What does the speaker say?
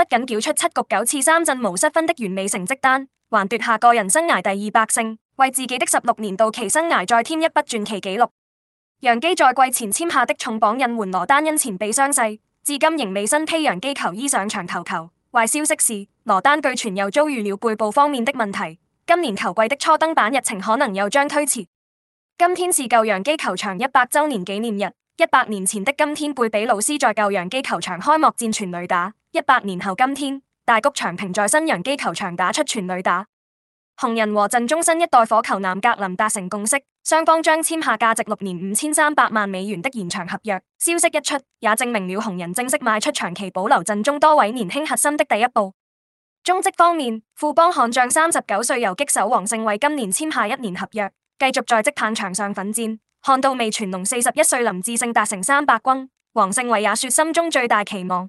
不僅繳出七局九次三振無失分的完美成績單，還奪下個人生涯第二百勝，為自己的十六年度期生涯再添一筆傳奇紀錄。楊基在季前簽下的重磅引援羅丹因前臂傷勢，至今仍未身披楊基球衣上場投球,球。壞消息是，羅丹據傳又遭遇了背部方面的問題，今年球季的初登板日程可能又將推遲。今天是舊楊基球場一百周年紀念日，一百年前的今天，貝比魯斯在舊楊基球場開幕戰全壘打。一百年後今天，大谷翔平在新洋基球場打出全壘打。紅人和陣中新一代火球男格林達成共識，雙方將簽下價值六年五千三百萬美元的延長合約。消息一出，也證明了紅人正式邁出長期保留陣中多位年輕核心的第一步。中職方面，富邦悍將三十九歲游擊手王勝偉今年簽下一年合約，繼續在職棒場上奮戰。看到味全龍四十一歲林智勝達成三百轟，王勝偉也說心中最大期望。